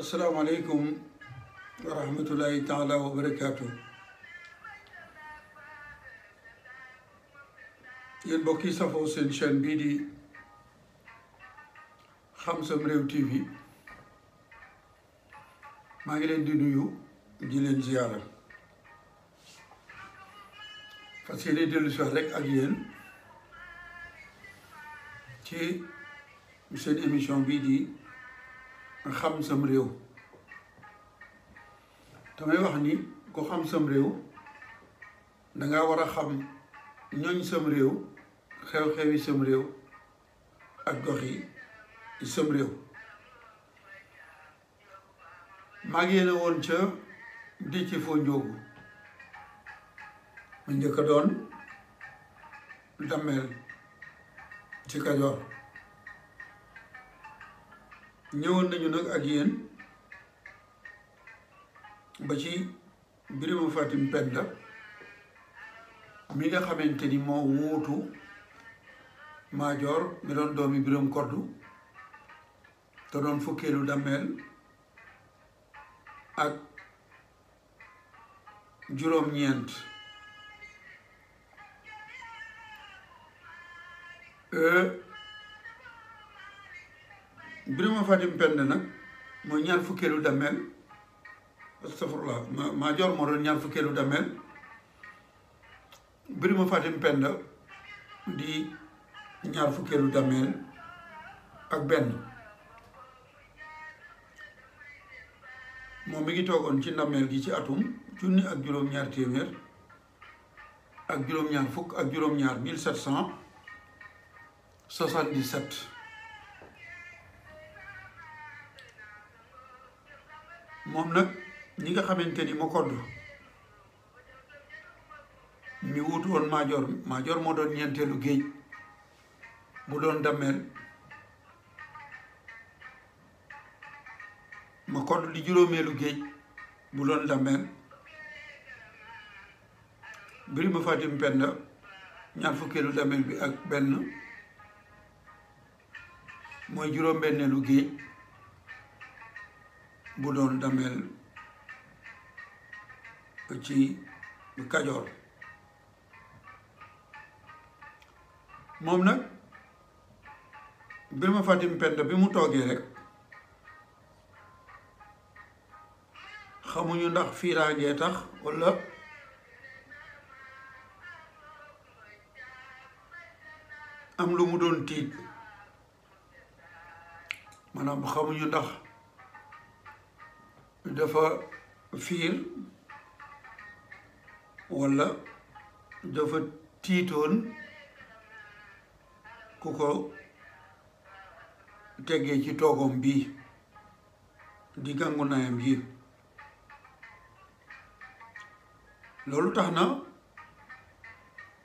asalaamaaleykum wa rahmatullahi taala wa barakaatu yéen mbokk yi safoo seen chaîne bii di Xam Sam Réew TV maa ngi leen di nuyu di leen ziyaara parce que yéen dellu si wax rek ak yéen ci seen émission bii di xam sam réew damay wax ni ko xam sam réew danga war a xam ñooñ sam réew xew-xewi sam réew ak gox yi sam réew maa ngi yéene woon ca Déthié Fo Ndiogou mu njëkk doon dameel ci Kajoor ñëwoon nañu nag ak yéen ba ci Birima Fatim Penda mi nga xamante ni moo wuutu Maajoor mi doon doomi Biram Kordu te doon fukkeelu dammeel ak juróom-ñeent euh, Birima Fatim Penda nag mooy ñaar fukkeelu dameel astafurlah ma maa jor moo doon ñaar fukkeelu dameel Birima Fatim Penda di ñaar fukkeelu dameel ak benn moom mi ngi toogoon ci ndameel gi ci atum junni ak juróom-ñaar téeméer ak juróom-ñaar fukk ak juróom-ñaar moom nag ñi nga xamante ni kodd mi wutu woon Maajoor Maajoor moo doon ñeenteelu géej mu doon dammeel kodd li juróomeelu géej bu doon dammeel Birima Fatim benn ñaar fukkeelu dammeel bi ak benn mooy juróom-benneelu géej bu doon dameel ci Kajoor moom nag Birima Fatim Penda bi mu toogee rek xamuñu ndax fiiraangee tax walla am lu mu doon tiit manaam xamuñu ndax dafa fiir walla dafa tiitoon ku ko teggee ci toogom bii di gàngu naayam loolu tax na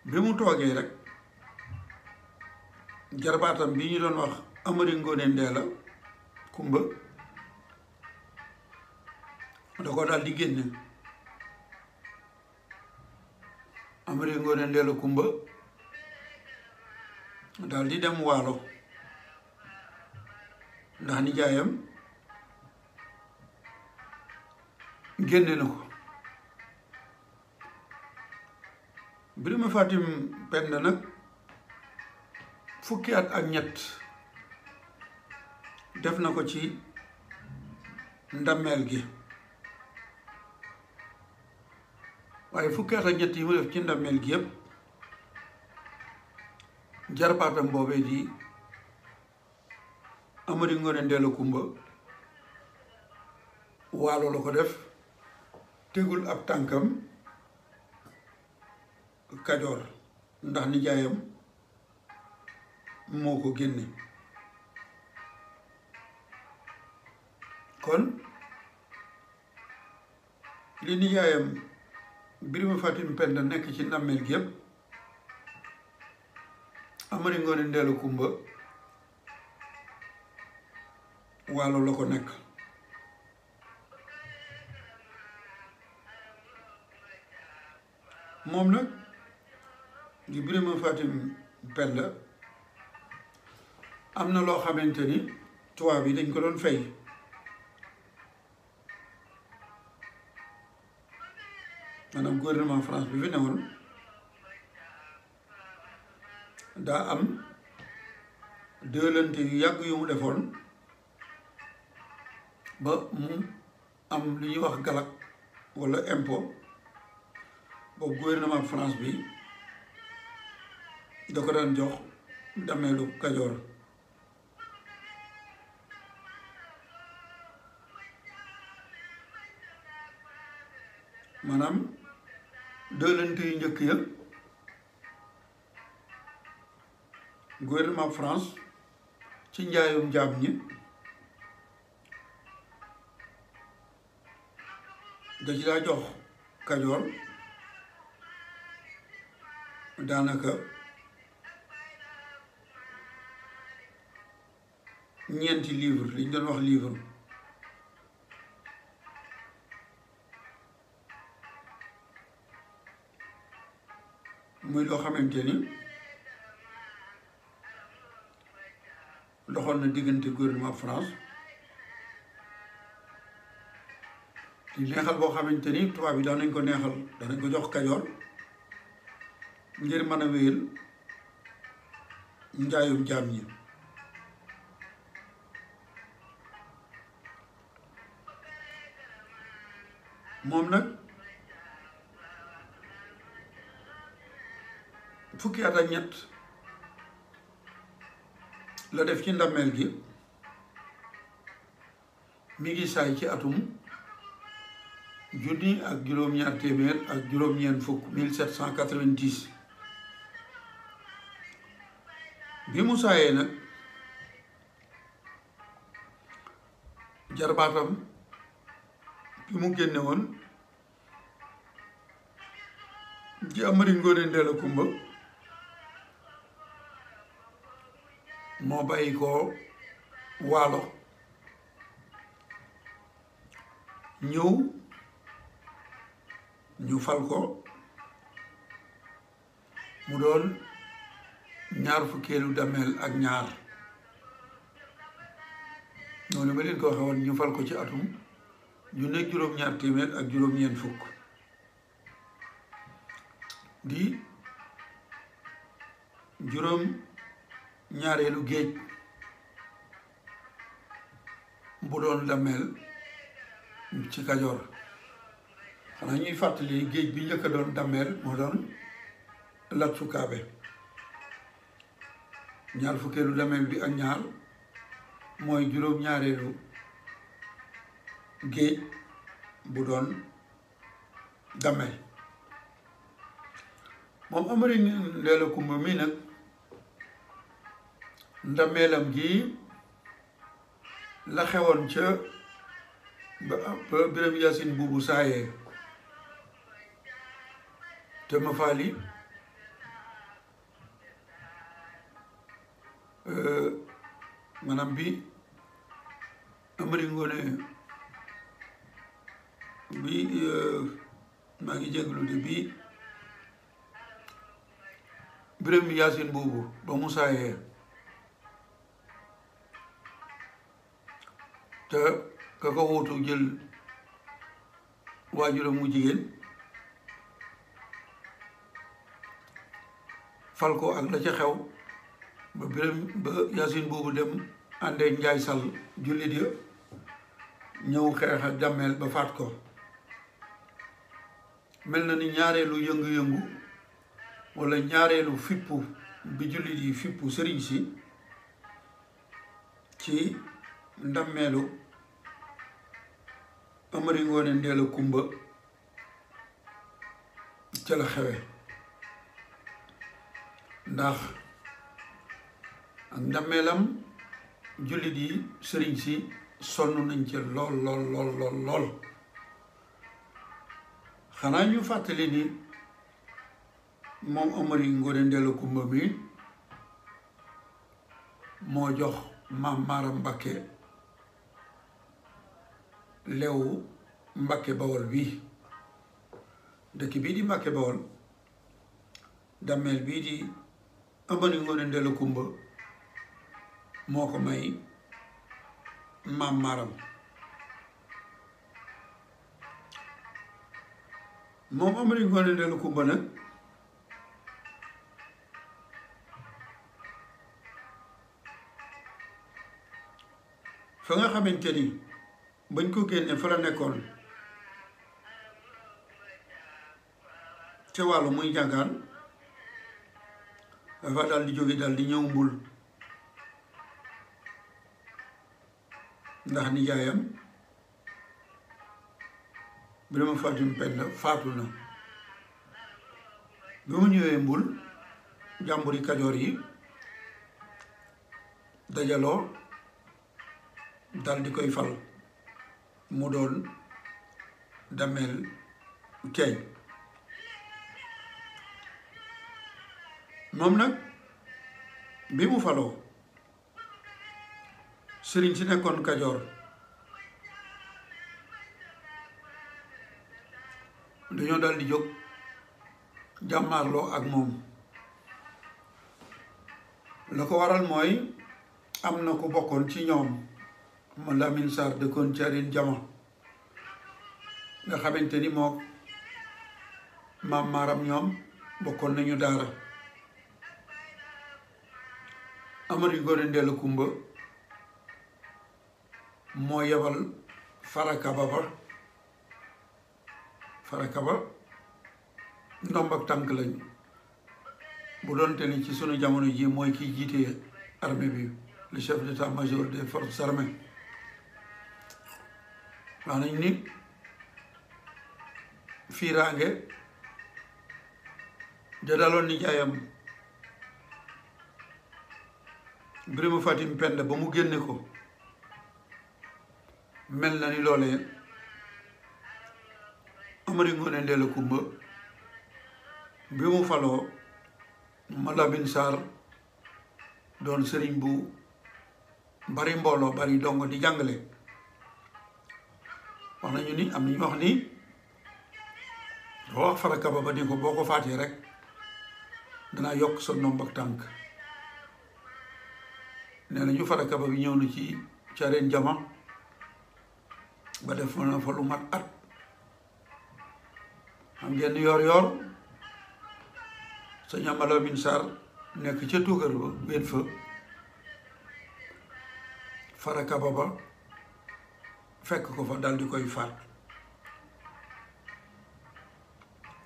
bi mu toogee rek jarbaatam bi ñu doon wax Amari Ngoone la Kumba da ko daal di génne Amari Ngoone Ndeela Kumba daal dem waalo ndax nijaayam génne na ko Birima Fatim Penda nag fukki at ak ñett def na ko ci ndameel gi waaye fukki at ak ñett yi mu def ci ndameel gi yëpp jarbaatam boobee di Amari Ngoone Ndeela Kumba waalo la ko def tegul ab tànkam kajoor ndax nijaayam moo ko génne kon li nijaayam Birima Fatim Penda nekk ci nammeel gi yëpp Amari Ngoone Ndeelu Kumba waalo la ko nekk moom nag di Birima Fatim Penda am na loo xamante ni tuwaab yi dañ ko doon fay maanaam gouvernement France bi fi newoon daa am dëlante yu yàgg yu defoon ba mu am lu ñuy wax galak walla impôt boobu gouvernement France bi da ko daan jox dameelu Kajoor maanaam doonante yu njëkk ya gouvernement France ci njaayum jaam ñi da ci daa jox kajoor daanaka ñeenti livre li ñu doon wax livre muy loo xamante ni doxoon na diggante gouvernement France di neexal boo xamante ni tubaab yi daan nañ ko neexal daan ko jox kajoor ngir mën a wéyal njaayum jaam yi moom nag fukki at ak ñett la def ci ndamel gi mi ngi say ci atum jooni ak juroom ñaar téeméer ak juroom ñen fukk 1790 bi mu saayee nag jarbatam bi mu génne di Amari ngone ndela Kumba moo bàyyi ko waalo ñëw ñu fal ko mu doon ñaar fukkeelu dameel ak ñaar noonu ba leen ko waxe woon ñu fal ko ci atum ñu nekk juróom-ñaar téeméer ak juróom-ñeent fukk di juróom ñaareelu géej bu doon dameel ci Kajoor xanaa ñuy fàttali géej bi njëkk doon dameel moo doon Lat Sukaabe ñaar fukkeelu dameel bi ak ñaar mooy juróom-ñaareelu géej bu doon dameel moom Amari Ndeela Kumba mii nag ndameelam gi la xewoon ca ba ba Biram Yaasin buubu saayee te ma faali euh, maanaam bi Amari bi euh, maa ngi jéglu de bi Biram Yaasin buubu ba mu saayee te ka ko wuutu jël waajuram mu jigéen fal ko ak la ca xew ba biram ba yasin boobu dem àndee njaay sal jullit ya ñëw xeex ak jàmmeel ba faat ko mel na ni ñaareelu yëngu-yëngu walla ñaareelu fippu bi jullit yi fippu sëriñ si ci ndammeelu Amari Ngoone Ndeela Kumba ca la xewe ndax ak ndammeelam jullit yi sëriñ si sonn nañ ci lool lool lool lool xanaa ñu fàttali ni moom Amari Ngoone Ndeela Kumba mi moo jox maam Maaram Mbàkke leewu Mbàkke Bawol bi dëkk bii di Mbàkke Bawol dammeel bii di Amari Ngoone Ndella Kumba moo ko may maam maaram moom Amari Ngoone Ndella Kumba nag fa nga xamante ni bañ koo génnee fa la nekkoon te wàllu muy jàngaan dafa daal di jóge daal di ñëw mbul ndax nijaayam bi dama fàttim na bi mu ñëwee mbul jàmburi kajoor yi dajaloo dal di koy fal mu doon dameel keeñ moom nag bi mu faloo sëriñ si nekkoon kajoor dañoo dal di jóg jàmmaarloo ak moom la ko waral mooy am na ku bokkoon ci ñoom ma Lamine Sarr dëkkoon ci Aline Jama nga xamante ni moo maam maaram ñoom bokkoon nañu daara Amari Ngoone Ndeela Kumba moo yebal farakaba ba farakaba ndomb ak tànk lañ bu doonte ni ci sunu jamono ji mooy kiy armée bi le chef d'état-major des forces armées wax nañ ni fiiraange da daloon nijaayam Birima Fatim Penda ba mu génne ko mel na ni loole Amari Ngoone Ndeela Kumba bi mu faloo Malabine Sarr doon sëriñ bu bari mbooloo bari dongo di jàngale wax nañu ni am nañu wax ni dafa wax farakaba ba ni ko boo ko faatee rek danaa yokk sa nomb tànk ne nañu farakaba bi ñëw na ci careen jama ba def na fa lu mat at xam ngeen yoor yoor sëñ Amala Min Sarr nekk ca tuukar ba wéet fa farakaba ba fekk ko fa dal di koy faat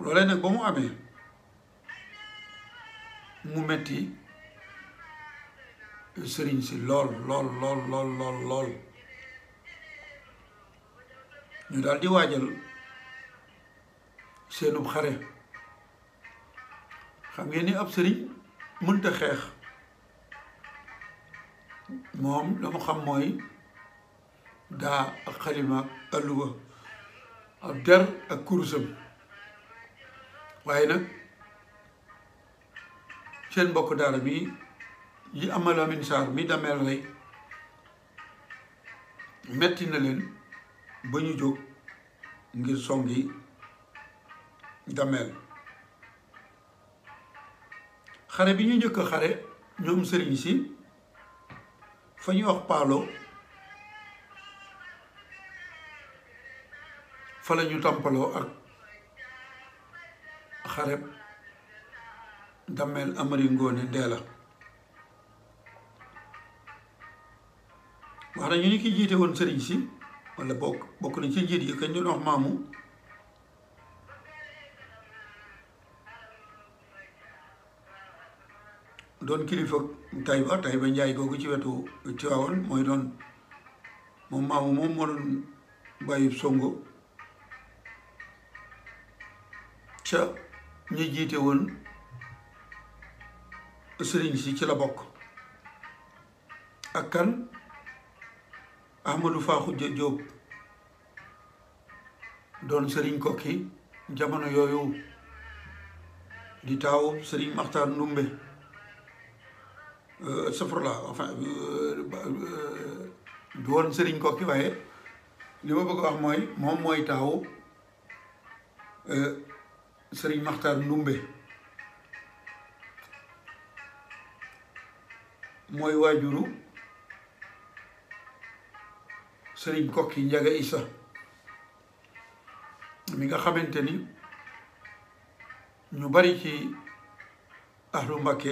loolee nag ba mu amee mu metti sëriñ si lool lool lool lool lool lool ñu daal di waajal seenub xare xam ngeen ni ab sëriñ mënta xeex moom la mu xam mooy daa ak xalimaak alluwa ab der ak kurusam waaye nag seen mbokk daara bi li amal amin saar mi dameel rey metti na leen ba ñu jóg ngir songi dameel xare bi ñu njëkk xare ñoom sëriñ si fa ñuy wax paalo fa la ñu tàmpaloo ak xareb Dameel Amari Ngoone Ndeela wax nañu ni ki jiite woon sëriñ si wala bokk bokk nañ ci njiit yi kañ doon wax maamu doon kilifa Tayba Tayba Njaay googu ci wetu Tiwaawan mooy doon moom maamu moom moo bàyyi songo ca ñu jiite woon sëriñ si ci la bokk ak kan Ahmadou Faxuja Jóob doon sëriñ kokki jamono yooyu di taaw sëriñ Maxtaar Ndumbe euh, safrla enfin euh, euh, woon sëriñ kokki waaye li ma bëgg wax mooy moom mooy taaw sëriñ Maxtaar Ndumbe mooy waajuru sëriñ kokki njaga isa mi nga xamante ni ñu bari ci ahlu Mbàkke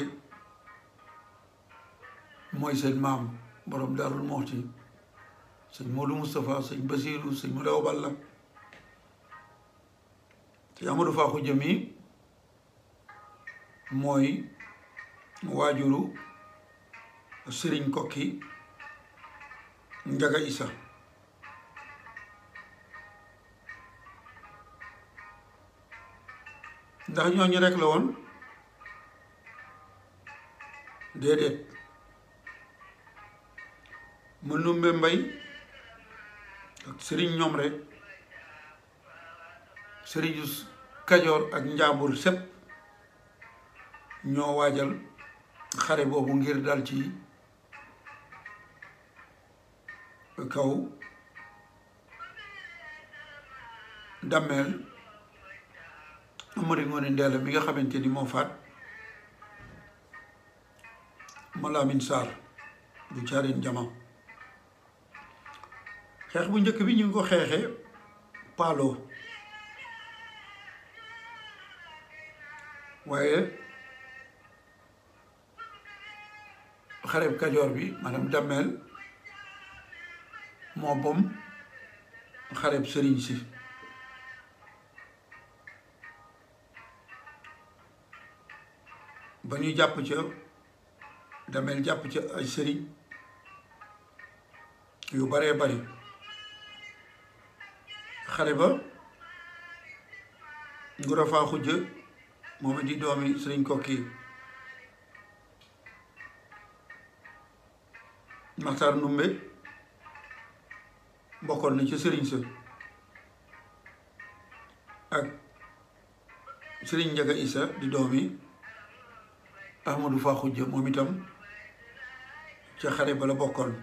mooy seen maam borom Daarul Muxti sëñ Moodu Moustapha sëñ Basiiru sëñ Mudaw Balla te Amadou Fakho Diemi mooy waajuru sëriñ Kokki Njaga Issa ndax ñooñu rek la woon déedéet Manoumbe Mbaye ak Serigne ñoom rekk Serius kajoor ak njaambur sep ño wadjal xare bobu ngir dal ci kaw damel Amari ngone ndela mi nga xamanteni mo fat mala min sar bu jama xex bu ñëk bi ñu ko xexé palo waaye xareb kajoor bi maanaam dammeel moo bom xareb sëriñ si ba ñuy jàpp ca dameel jàpp ca ay sëriñ yu baree bari xare ba ngura faa xujj moom it di doomi sëriñ kokki maxtaar numbe bokkoon na ca sëriñ sa ak sëriñ njaga isa di doomi ahmadou faxujja moom itam ca xare ba la bokkoon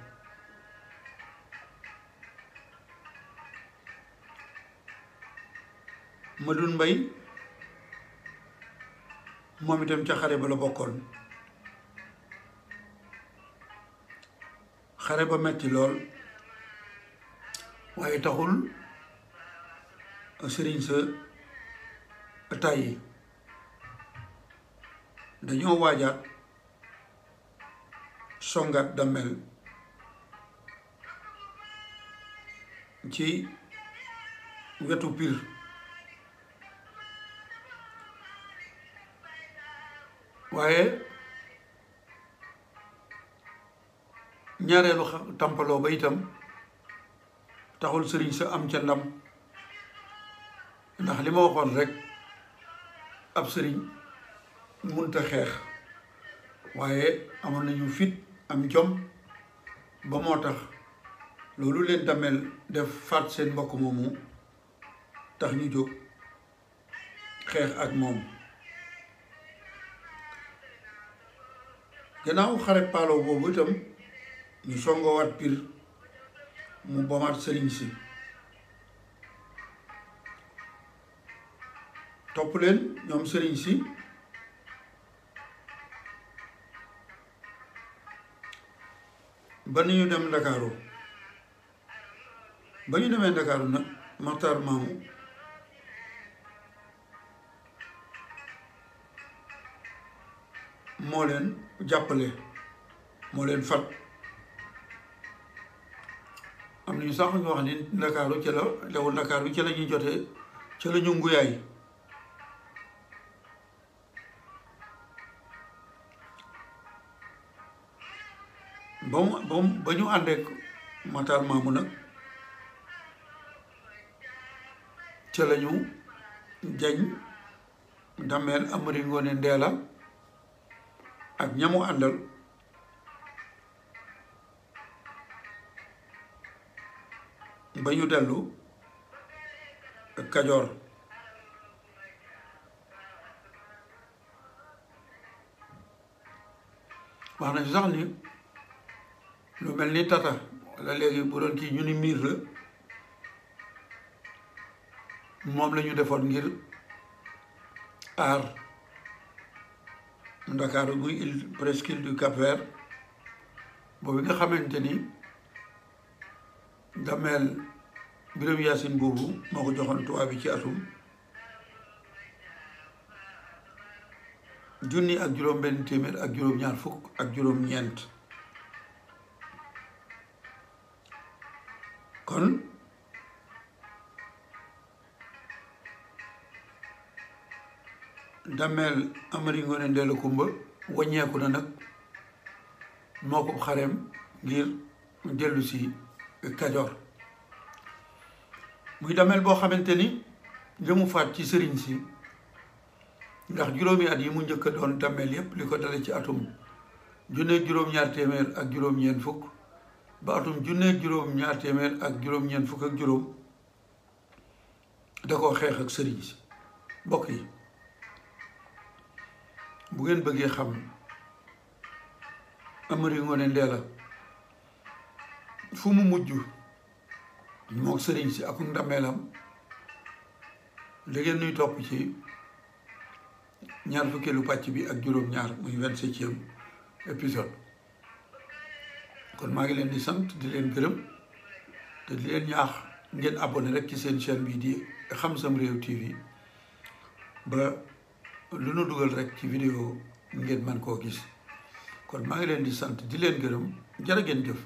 madun mbay moom itam ca xare ba la bokkoon xare ba metti lool waaye taxul sëriñ sa tàyyi dañoo waajaat songaat Damel ci wetu Pire waaye ñaareelu tàmpaloo ba itam taxul sëriñ sa am ca ndam ndax li ma waxoon rek ab sëriñ munta xeex waaye amoon nañu fit am jom ba moo tax loolu leen damel def faat seen mbokk moomu tax ñu jóg xeex ak moom gannaaw xare paalo boobu itam ñu songowaat Pire mu bomaat sëriñ si topp leen ñoom sëriñ si ba ni ñu dem ndakaaru ba ñu demee ndakaaru nag Maxtaar Maamu moo leen jàppale moo leen fat am nañu sax ñu wax ni ndakaaru ci la lewul ndakaaru ci la ñuy jotee ci lañu ñu nguyaay ba mu ba mu ba ñu àndeek Matar Maamu nag ca lañu jañ dameel Amari Ngoone Ndeela ak ñamu àndal ba ñu dellu Kajoor wax na sax ni lu mel ni tata wala léegi bu doon kii ñu ni miir la moom la ñu defoon ngir aar Ndakaaru muy île presqu'île du cap boobu nga xamante ni dameel Biram Yaasin boobu moo ko joxoon tubaab bi ci atum junni ak juróom benn téeméer ak juróom ñaar fukk ak juróom ñeent kon Dameel Amari Ngoone Ndeela Kumba waññeeku na nag moo ko xareem ngir dellu si Kajoor muy Dameel boo xamante ni li mu faat ci sëriñ si ndax juróomi at yi mu njëkk a doon Dameel yépp li ko dale ci atum junne juróom-ñaar téeméer ak juróom-ñeent fukk juróom ak juróom da ko xeex ak sëriñ si mbokk yi bu ngeen bëggee xam amari Ngoone Ndeela fu mu mujj moog sëriñ si ak ndameelam da ngeen nuy topp ci ñaar fukkeelu pàcc bi ak juróom-ñaar muy vingt-septième épisode kon maa ngi leen di sant di leen gërëm te di leen ñaax ngeen abonné rek ci seen chaîne bi di Xam Sam Réew TV ba lu nu dugal rek ci vidéo ngeen man koo gis kon maa ngi leen di sant di leen gërëm jërë ngeen jëf